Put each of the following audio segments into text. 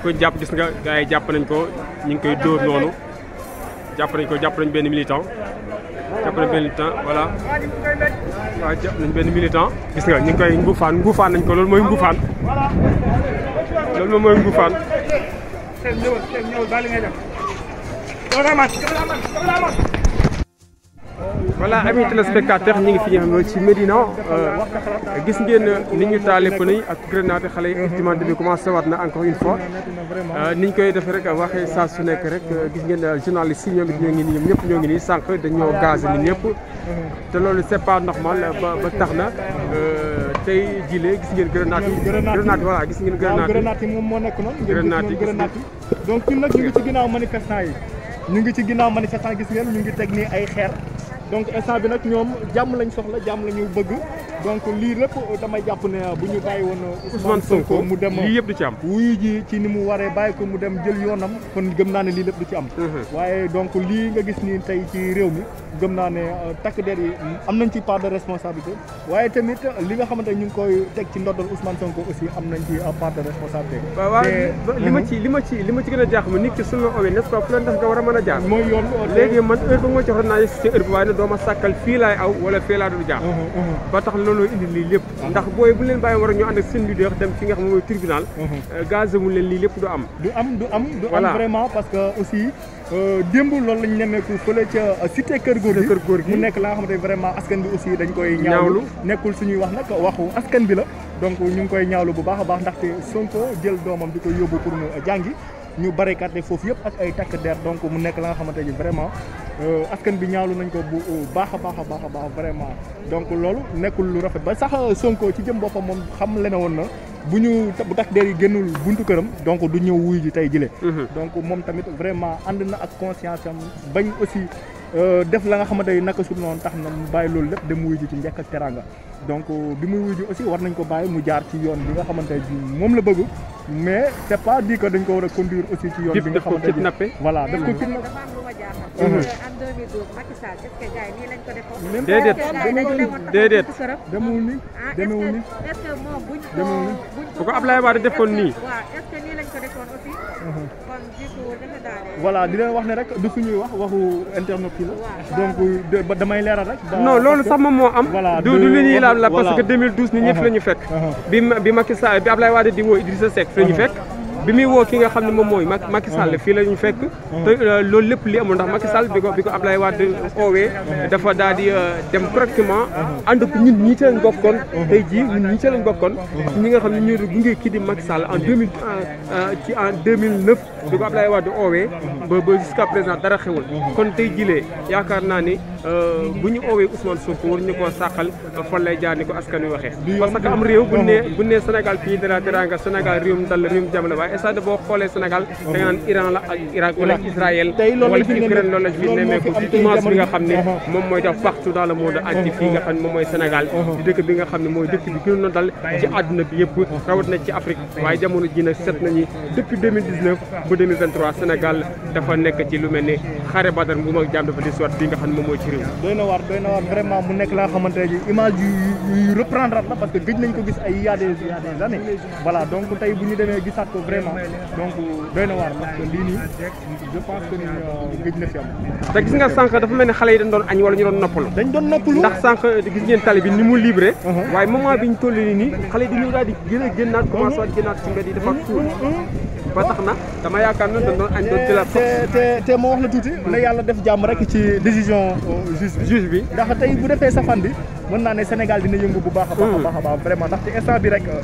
la ko jàpp gis nga nengko yi jàpp nañ ko ñu ngi koy dóor noonu jàpp nañ ko jàpp nañ benn militant jàpp nañ benn militant voilà waaw jàpp nañ benn militant gis nga ñu ngi koy nguufaan nguufaan nañ ko loolu mooy nguufaan loolu moom mooy nguufaan ñëwal ñëwal bàyyi li ngay def voilà amis téléspectateurs ñu ngi fi nga ci Médina gis ngeen ni ñu taalee pneu yi ak grenade xale yi estimante bi commencé waat na encore une fois ni ñu koy defee rek waxee saa su nekk rek gis ngeen journaliste yi ñoom it ñoo ngi nii ñoom ñëpp ñoo ngi nii sànq dañoo gaz ni ñëpp te loolu c'est pas normal ba ba tax na tey jilee gis ngeen grenade yi grenade voilà gis ngeen grenade yi moom moo nekk noonu grenade yi donc ñun nag ñu ci ginnaaw manifestant yi ñu ngi ci ginnaaw manifestant gis ngeen ñu ngi teg nii ay xeer donc instant bi nak ñom jamm lañ soxla jamm lañu bëgg donc li lepp dama japp ne bu ñu bàyyi woon Ousmane Sonko mu dem li yëpp du ci am wuyu ji ci ni mu waré bayyi ko mu dem jël yonam kon gëm na ne li lepp du ci am waaye donc li nga gis ni tay ci réew mi gëm na ne tak der yi am nañ ci part de responsabilité waaye tamit li nga xamanté ñu ngi koy tek ci ndoddal Ousmane Sonko aussi am nañ ci part de responsabilité waaw li ma ci li ma ci li ma ci gëna jax mu nit ci sunu owee n'est-ce pas fu la ndax nga wara mëna jaar moy yoon légui man heure bu ma joxoon naa ci heure bu waaye doo ma sàkkal fii laay aw wala fii laa dul jaar mhm, mhm. ba tax looloo indi lii lépp mhm. ndax booy bu leen bàyyi war a ñu ànd ak seen leader dem fi nga xam ne mooy tribunal euh, gazé mu leen lii lépp du am du am du am du am parce que aussi euh, démb loolu lañ nemmeeku fële ca euh, cité kër góor gi kër góor gi mu nekk laa nga xamante vraiment askan bi aussi dañ koy ñaawlu nekkul suñuy wax nag waxu askan bi la donc ñu ngi koy ñaawlu bu baax a baax ndaxte Sonko jël doomam di ko yóbbu pour mu jàngi ñu barricadé foofu yëpp ak ay takk der donc mu nekk la nga xamante ni vraiment euh, askan bi ñaawlu nañ ko bu euh, baax a baax a baax a baax vraiment donc loolu nekkul lu rafet ba sax euh, Sonko ci jëm boppam moom xam lene woon na bu ñu bu takk der yi génnul buntu këram donc du ñëw wuy ji tey jile mhm. donc moom tamit vraiment ànd na ak conscience bañ aussi def la nga xamante ni naka su noonu tax na mu bàyyi loolu lépp dem wuy ji ci njëkk ak teraanga donc bi muy wuy aussi war nañ ko bàyyi mu jaar ci yoon bi nga xamante ni moom la bëgg mais c' est pas dit que dañ ko war a conduire aussi ci yoon bi nga xamante ni voilà daf ko kidnappé uh-huh. euh, déedéet déedéet demewul ni ah, demewul ni demewul ni bu ko Ablaye Wade defoon nii uh-huh. voilà di leen wax ne rek du suñuy wax waxu internet yi la donc damay leeral rek non loolu sax moom moo am du lu ñuy laal la parce que 2012 ni ñëpp uh-huh. la ñu fekk bi bi Macky Sall bi Ablaye Wade di woo Idrissa Seck fekk bi muy woo ki nga xam ne moom mooy Macky Sall fii la ñu fekk. Mm. te euh, loolu lépp li amul ndax Macky Sall bi ko bi ko Ablaye Wade oowee. Mm. dafa daal di euh, dem correctement. ànd ak ñun ñii ci lañ bokkoon. Mm. tey jii ñun ñi nga xam ne ñu gunge kii di Macky Sall en deux mille euh, ci en deux mille neuf. bi ko Ablaye oowee. ba ba jusqu'à présent dara xewul. kon tey jilee yaakaar naa ni bu ñu oowee Ousmane Sonko war ñu koo sàqal fan lay jaar ko askan wi waxee. parce que am réew bu ne bu fii de la teranga Sénégal réewum dal réewum jàmm la Iran boo xoolee Sénégal da nga naan Iran la ak Irak wala Israël wala Ukraine loolu fi nemmeeku ci dimanche bi nga ci image yu reprendre la parce que gëj ko gis ay y a des années voilà donc tey bu ñu demee gisaat ko vraiment vraiment donc doy na waar parce que lii nii je pense que ni euh, gëj na fi am te gis nga sànq dafa mel ni yi dañ doon añ wala ñu doon noppalu dañ doon noppalu ndax sànq gis ngeen tali ni mu libre uh-huh. waaye moment bi ñu toll nii nii xale yi di gën a génnaat uh-huh. commencé waat génnaat ci mbedd yi dafa kuul uh-huh. ba tax na dama yaakaar na dañ doon añ doon jëlaat te te te ma wax la tuuti na yàlla def jàmm rek ci décision euh, juge juge bi ndax tey bu defee safan bi mën naa ne Sénégal dina yëngu bu baax a baax vraiment ndax ci instant bi rek euh,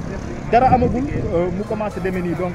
dara amagul euh, mu commencé demee nii donc.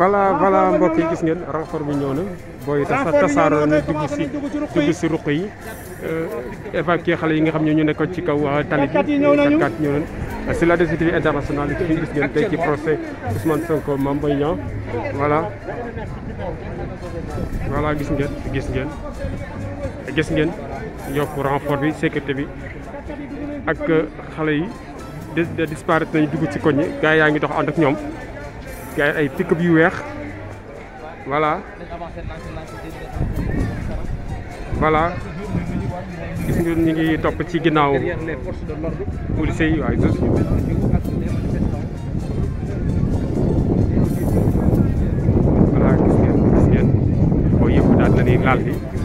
Ah, voilà voilà mbokk yi gis ngeen renfort bi ñëw na booy sa tasaaroo na dugg si dugg si ruq yi euh, évacuer xale yi nga xam ne ñu nekkoon ci kaw euh, tali bi kat ñëw nañ euh, c'est la décision internationale ci gis ngeen tey ci procès Ousmane Sonko Mame Boy Niang voilà voilà gis ngeen gis ngeen gis ngeen yokk renfort bi sécurité bi ak xale yi disparaître nañu dugg ci koñ yi gars yaa ngi dox ànd ak ñoom Kijk, hey, tik op je weg. Voilà. Voilà. gis nga ngi topp ci ginnaaw voilà gis